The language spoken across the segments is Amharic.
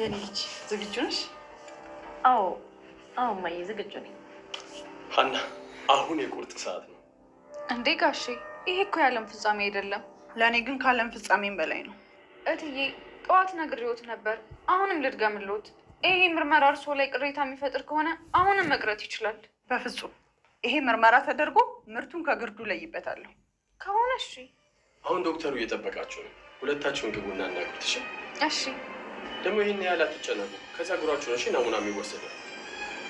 የኔ ልጅ ዝግጁ ነሽ? አዎ አዎ፣ እማዬ ዝግጁ ነኝ። ሀና፣ አሁን የቁርጥ ሰዓት ነው እንዴ ጋሼ? ይሄ እኮ የዓለም ፍጻሜ አይደለም። ለእኔ ግን ከዓለም ፍጻሜም በላይ ነው እትዬ። ጠዋት ነግሬዎት ነበር፣ አሁንም ልድገምልዎት። ይሄ ምርመራ እርሶ ላይ ቅሬታ የሚፈጥር ከሆነ አሁንም መቅረት ይችላል። በፍጹም ይሄ ምርመራ ተደርጎ ምርቱን ከግርዱ ለይበታለሁ። ከሆነ እሺ። አሁን ዶክተሩ እየጠበቃቸው ነው። ሁለታችሁን ግቡና እናግሩት። እሺ። ደግሞ ይህን ያህል አትጨነቁ። ከጸጉራችሁ ነው እሺ ናሙና የሚወሰደው።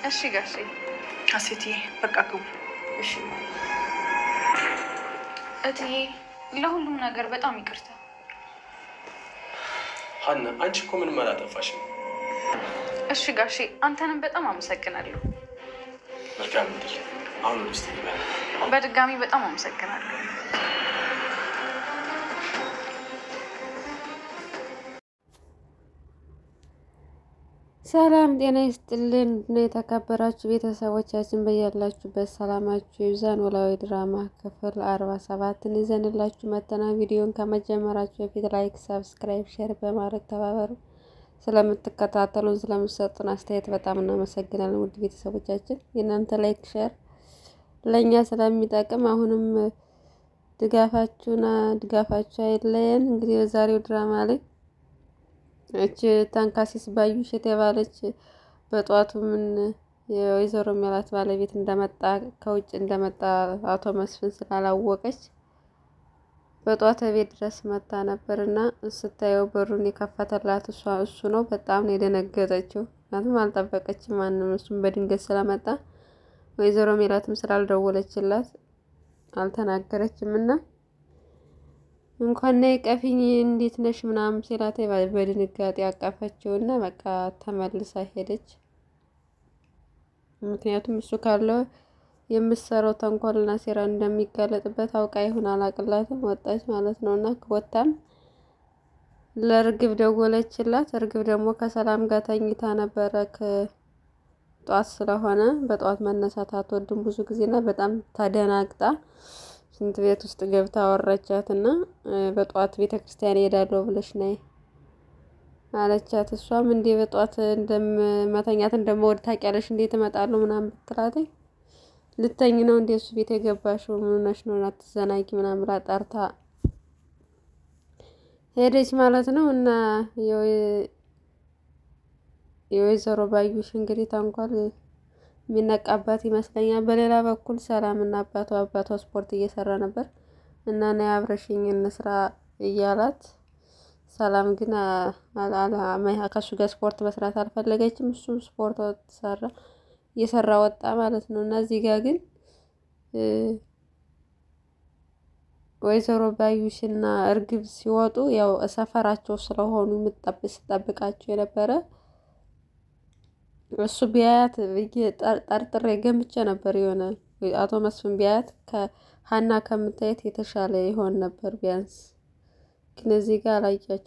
እሺ ጋሼ። ሀሴትዬ በቃ ግቡ። እሺ እትዬ፣ ለሁሉም ነገር በጣም ይቅርታ። ሀና፣ አንቺ እኮ ምንም አላጠፋሽም። እሺ ጋሼ፣ አንተንም በጣም አመሰግናለሁ። መልካም። አሁን ወደ ውስጥ በድጋሚ በጣም አመሰግናለሁ። ሰላም ጤና ይስጥልን እና የተከበራችሁ ቤተሰቦቻችን በያላችሁበት ሰላማችሁ ይብዛ። ኖላዊ ድራማ ክፍል አርባ ሰባትን ይዘንላችሁ መተና ቪዲዮን ከመጀመራችሁ በፊት ላይክ፣ ሰብስክራይብ ሼር በማድረግ ተባበሩ። ስለምትከታተሉን ስለምትሰጡን አስተያየት በጣም እናመሰግናለን ውድ ቤተሰቦቻችን። የእናንተ ላይክ፣ ሼር ለእኛ ስለሚጠቅም አሁንም ድጋፋችሁና ድጋፋችሁ አይለየን። እንግዲህ በዛሬው ድራማ ላይ እች ተንካሲስ ባዩሽ የተባለች በጠዋቱ ምን የወይዘሮ ሜላት ባለቤት እንደመጣ ከውጭ እንደመጣ አቶ መስፍን ስላላወቀች በጠዋት ቤት ድረስ መታ ነበር እና ስታየው በሩን የከፈተላት እሱ ነው። በጣም ነው የደነገጠችው። ምክንያቱም አልጠበቀችም ማንም እሱም በድንገት ስለመጣ ወይዘሮ ሜላትም ስላልደወለችላት አልተናገረችም እና እንኳን ነይ ቀፊኝ እንዴት ነሽ ምናምን ሲላት በድንጋጤ አቀፈችውና በቃ ተመልሳ ሄደች። ምክንያቱም እሱ ካለው የምትሰራው ተንኮልና ሴራ እንደሚጋለጥበት አውቃ ይሁን አላቅላትም ወጣች ማለት ነው። እና ወጣም ለእርግብ ደወለችላት። እርግብ ደግሞ ከሰላም ጋር ተኝታ ነበረ። ጠዋት ስለሆነ በጠዋት መነሳት አትወድም ብዙ ጊዜና በጣም ተደናግጣ ሽንት ቤት ውስጥ ገብታ አወራቻት እና በጠዋት ቤተ ክርስቲያን እሄዳለሁ ብለሽ ነይ አለቻት። እሷም እንዴ በጠዋት እንደመተኛት እንደምወድ ታውቂያለሽ፣ እንዴት እመጣለሁ ምናምን ብትላት ልተኝ ነው እንዴ እሱ ቤት የገባሽው ምን ሆነሽ ነው አትዘናጊ ምናምን ብላ ጠርታ ሄደች ማለት ነው። እና የወይዘሮ ባዩሽ እንግዲህ ታንኳል የሚነቃባት ይመስለኛል። በሌላ በኩል ሰላም እና አባቷ አባቷ ስፖርት እየሰራ ነበር እና ና አብረሽኝ እንስራ እያላት ሰላም ግን ከሱ ጋር ስፖርት መስራት አልፈለገችም። እሱም ስፖርት ሰራ እየሰራ ወጣ ማለት ነው እና እዚህ ጋር ግን ወይዘሮ ባዩሽ እና እርግብ ሲወጡ ያው ሰፈራቸው ስለሆኑ ስጠብቃቸው የነበረ እሱ ቢያያት ጠርጥሬ ገምቼ ነበር የሆነ አቶ መስፍን ቢያያት ከሀና ከምታየት የተሻለ ይሆን ነበር ቢያንስ። ግን እዚህ ጋር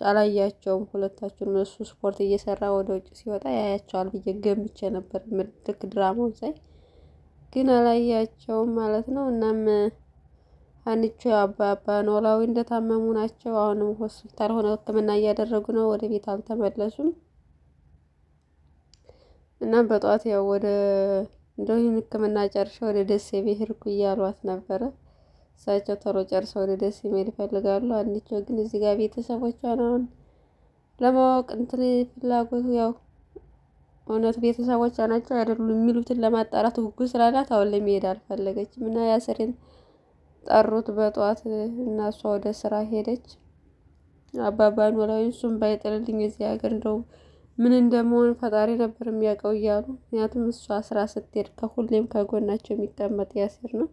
አላያቸውም ሁለታችሁንም። እሱ ስፖርት እየሰራ ወደ ውጭ ሲወጣ ያያቸዋል ብዬ ገምቼ ነበር ልክ ድራማውን ሳይ፣ ግን አላያቸውም ማለት ነው። እናም አንቹ አባባ ኖላዊ እንደታመሙ ናቸው። አሁንም ሆስፒታል ሆነ ሕክምና እያደረጉ ነው። ወደ ቤት አልተመለሱም። እና በጠዋት ያው ወደ እንደውም ሕክምና ጨርሼ ወደ ደሴ ብሄድኩ እያሏት ነበረ። እሳቸው ተሮ ጨርሰው ወደ ደሴ መሄድ ይፈልጋሉ። አንዲቸው ግን እዚህ ጋር ቤተሰቦቿን አሁን ለማወቅ እንትን ፍላጎቱ ያው እውነት ቤተሰቦቿ ናቸው አይደሉም የሚሉትን ለማጣራት ጉጉት ስላላት አሁን ለመሄድ አልፈለገችም እና ያስሬን ጠሩት በጠዋት እና እሷ ወደ ስራ ሄደች። አባባን ወላዊ እሱም ባይጥልልኝ እዚህ ሀገር እንደው ምን እንደመሆን ፈጣሪ ነበር የሚያውቀው እያሉ ምክንያቱም እሷ ስራ ስትሄድ ከሁሌም ከጎናቸው የሚቀመጥ ያሲር ነው።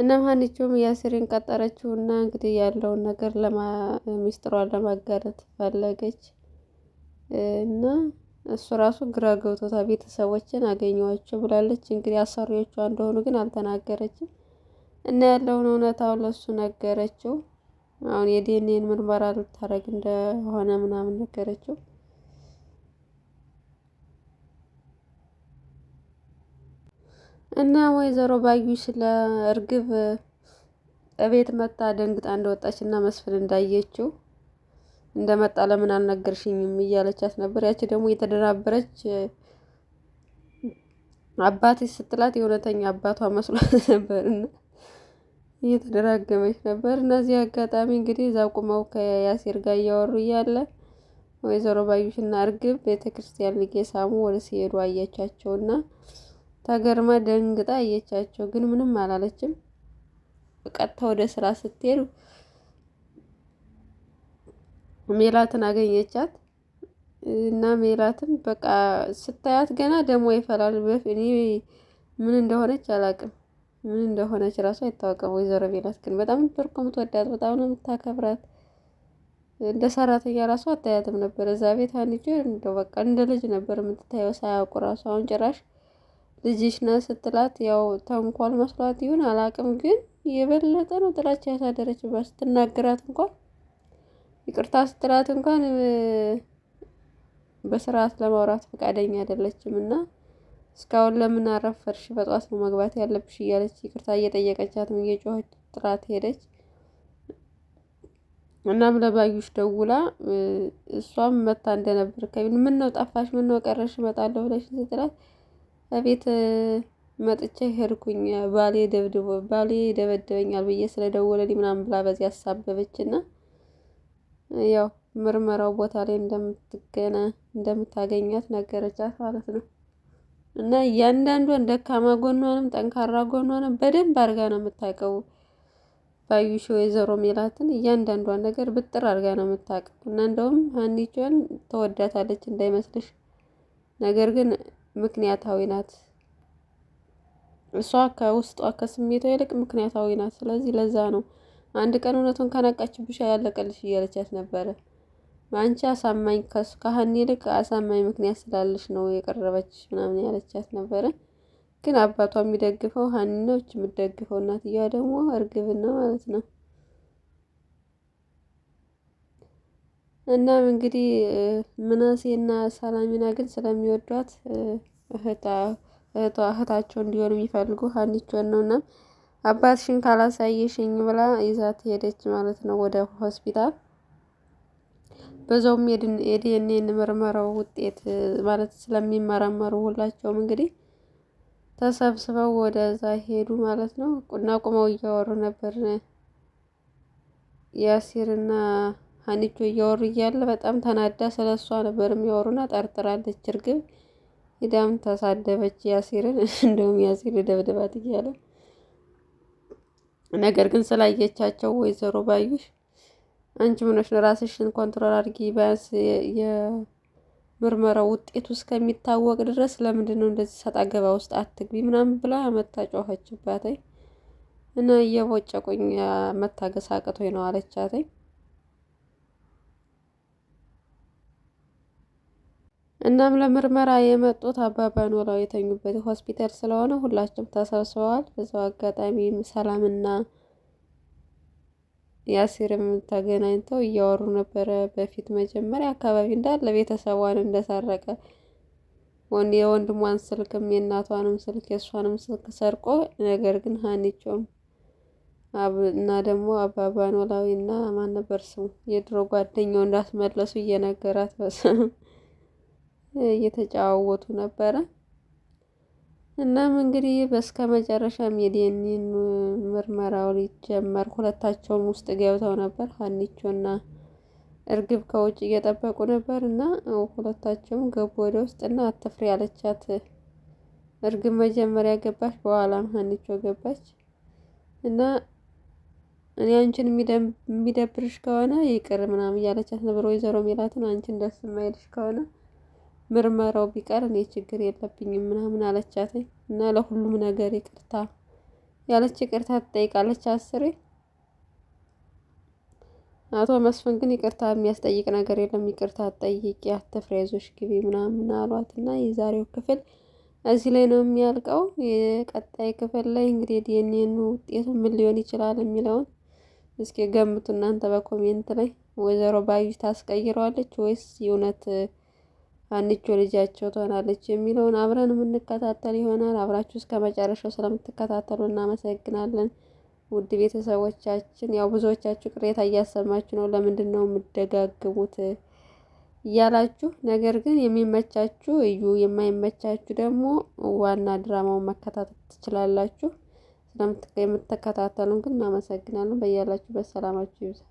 እናም ሀኒቾም ያሲርን ቀጠረችው እና እንግዲህ ያለውን ነገር ሚስጥሯን ለማጋረት ፈለገች እና እሱ ራሱ ግራ ገብቶታ ቤተሰቦችን አገኘዋቸው ብላለች። እንግዲህ አሰሪዎቿ እንደሆኑ ግን አልተናገረችም እና ያለውን እውነታውን ለሱ ነገረችው። አሁን የዲኤንኤን ምርመራ ልታደርግ እንደሆነ ምናምን ነገረችው። እና ወይዘሮ ባዩሽ ለእርግብ እቤት መጣ ደንግጣ እንደወጣች እና መስፍን እንዳየችው እንደመጣ ለምን አልነገርሽኝም እያለቻት ነበር። ያቺ ደግሞ እየተደናበረች አባቴ ስትላት የእውነተኛ አባቷ መስሏት ነበር እና እየተደራገመች ነበር። እነዚህ አጋጣሚ እንግዲህ እዛ ቁመው ከያሴር ጋር እያወሩ እያለ ወይዘሮ ባዩሽና እርግብ ቤተ ቤተክርስቲያን ሊጌሳሙ ወደ ሲሄዱ አየቻቸው አየቻቸውና ተገርማ ደንግጣ አየቻቸው። ግን ምንም አላለችም። ቀጥታ ወደ ስራ ስትሄድ ሜላትን አገኘቻት እና ሜላትን በቃ ስታያት ገና ደሞ ይፈላል። እኔ ምን እንደሆነች አላቅም። ምን እንደሆነች ራሱ አይታወቅም። ወይዘሮ ሜላት ግን በጣም ነበር እኮ የምትወዳት፣ በጣም ነው የምታከብራት። እንደ ሰራተኛ ራሱ አታያትም ነበር እዛ ቤት አንጂ እንደው በቃ እንደ ልጅ ነበር የምትታየው፣ ሳያውቁ ራሱ። አሁን ጭራሽ ልጅሽ ነ ስትላት ያው ተንኳል መስሏት ይሁን አላቅም፣ ግን የበለጠ ነው ጥላቻ ያሳደረችባት። ስትናገራት እንኳን ይቅርታ ስትላት እንኳን በስርዓት ለማውራት ፈቃደኛ አይደለችም እና እስካሁን ለምን አረፈርሽ? በጠዋት ነው መግባት ያለብሽ እያለች ይቅርታ እየጠየቀቻትም እየጮኸች ጥራት ሄደች። እናም ለባዩሽ ደውላ እሷም መታ እንደነበር ከቢን ምን ነው ጠፋሽ? ምን ነው ቀረሽ? እመጣለሁ ብለሽ ስትላት ከቤት መጥቼ ሄድኩኝ ባሌ ደብድቦ ባሌ ደበደበኛል ብዬ ስለደወለልኝ ምናምን ብላ በዚህ አሳበበችና ያው ምርመራው ቦታ ላይ እንደምትገና እንደምታገኛት ነገረቻት ማለት ነው። እና እያንዳንዷን ደካማ ጎኗንም ጠንካራ ጎኗንም በደንብ አድርጋ ነው የምታውቀው። ባዩሽ ወይዘሮ ሜላትን እያንዳንዷን ነገር ብጥር አድርጋ ነው የምታውቀው። እና እንደውም ሀኒቿን ተወዳታለች እንዳይመስልሽ፣ ነገር ግን ምክንያታዊ ናት። እሷ ከውስጧ ከስሜቷ ይልቅ ምክንያታዊ ናት። ስለዚህ ለዛ ነው አንድ ቀን እውነቱን ከናቃችብሻ ያለቀልሽ እያለቻት ነበረ። አንቺ አሳማኝ ከሀኒ ይልቅ አሳማኝ ምክንያት ስላለች ነው የቀረበች ምናምን ያለቻት ነበረ። ግን አባቷ የሚደግፈው ሀኒ ነው፣ እች የምትደግፈው እናትየዋ ደግሞ እርግብና ማለት ነው። እናም እንግዲህ ምናሴና ሰላሚና ግን ስለሚወዷት እህቷ እህታቸው እንዲሆን የሚፈልጉ ሀኒቾን ነው። እና አባትሽን ካላሳየሽኝ ብላ ይዛት ሄደች ማለት ነው ወደ ሆስፒታል በዛውም የዲኤንኤ ምርመራው ውጤት ማለት ስለሚመረመሩ ሁላቸውም እንግዲህ ተሰብስበው ወደዛ ሄዱ ማለት ነው። እና ቁመው እያወሩ ነበር። ያሲርና ሀኒቾ እያወሩ እያለ በጣም ተናዳ ስለ እሷ ነበር የሚያወሩና ጠርጥራለች። እርግብ ሂዳም ተሳደበች ያሲርን፣ እንደውም ያሲር ደብድባት እያለ ነገር ግን ስላየቻቸው ወይዘሮ ባዩሽ አንቺ ምኖች ነው ራስሽን ኮንትሮል አድርጊ። ቢያንስ የምርመራው ውጤቱ እስከሚታወቅ ድረስ ለምንድን ነው እንደዚህ ሰጣ ገባ ውስጥ አትግቢ ምናምን ብላ መታ ጮኸችባተኝ እና እየቦጨቁኝ መታገስ አቅቶኝ ነው አለቻተኝ። እናም ለምርመራ የመጡት አባባ ኖላዊ የተኙበት ሆስፒታል ስለሆነ ሁላቸውም ተሰብስበዋል። በዛው አጋጣሚ ሰላምና ያሲርም ተገናኝተው እያወሩ ነበረ። በፊት መጀመሪያ አካባቢ እንዳለ ቤተሰቧን እንደሰረቀ የወንድሟን ስልክም የእናቷንም ስልክ የእሷንም ስልክ ሰርቆ ነገር ግን ሀኒቾም እና ደግሞ አባባ ኖላዊ እና ማን ነበር ስሙ የድሮ ጓደኛው እንዳስመለሱ እየነገራት እየተጫዋወቱ ነበረ። እናም እንግዲህ በስከ መጨረሻም የዲኤንኤን ምርመራው ሊጀመር ሁለታቸውም ውስጥ ገብተው ነበር። ሀኒቾና እርግብ ከውጭ እየጠበቁ ነበር እና ሁለታቸውም ገቡ ወደ ውስጥ እና አትፍሪ ያለቻት እርግብ መጀመሪያ ገባች፣ በኋላም ሀኒቾ ገባች እና እኔ አንቺን የሚደብርሽ ከሆነ ይቅር ምናምን እያለቻት ነበር። ወይዘሮ ሜላትን አንቺን ደስ የማይልሽ ከሆነ ምርመራው ቢቀር እኔ ችግር የለብኝም ምናምን አለቻት እና ለሁሉም ነገር ይቅርታ ያለች ይቅርታ ትጠይቃለች አስሬ። አቶ መስፍን ግን ይቅርታ የሚያስጠይቅ ነገር የለም ይቅርታ አትጠይቂ፣ አትፍሪ፣ ግቢ ምናምን አሏት እና የዛሬው ክፍል እዚህ ላይ ነው የሚያልቀው። የቀጣይ ክፍል ላይ እንግዲህ ዲኤንኤን ውጤቱ ምን ሊሆን ይችላል የሚለውን እስኪ ገምቱ እናንተ በኮሜንት ላይ። ወይዘሮ ባዩ ታስቀይረዋለች ወይስ የእውነት አንቾ ልጃቸው ትሆናለች የሚለውን አብረን የምንከታተል ይሆናል። አብራችሁ እስከ መጨረሻው ስለምትከታተሉ እናመሰግናለን። ውድ ቤተሰቦቻችን ያው ብዙዎቻችሁ ቅሬታ እያሰማችሁ ነው፣ ለምንድን ነው የምደጋግሙት እያላችሁ ነገር ግን የሚመቻችሁ እዩ፣ የማይመቻችሁ ደግሞ ዋና ድራማውን መከታተል ትችላላችሁ። የምትከታተሉን ግን እናመሰግናለን። በያላችሁ በሰላማችሁ ይብዛል።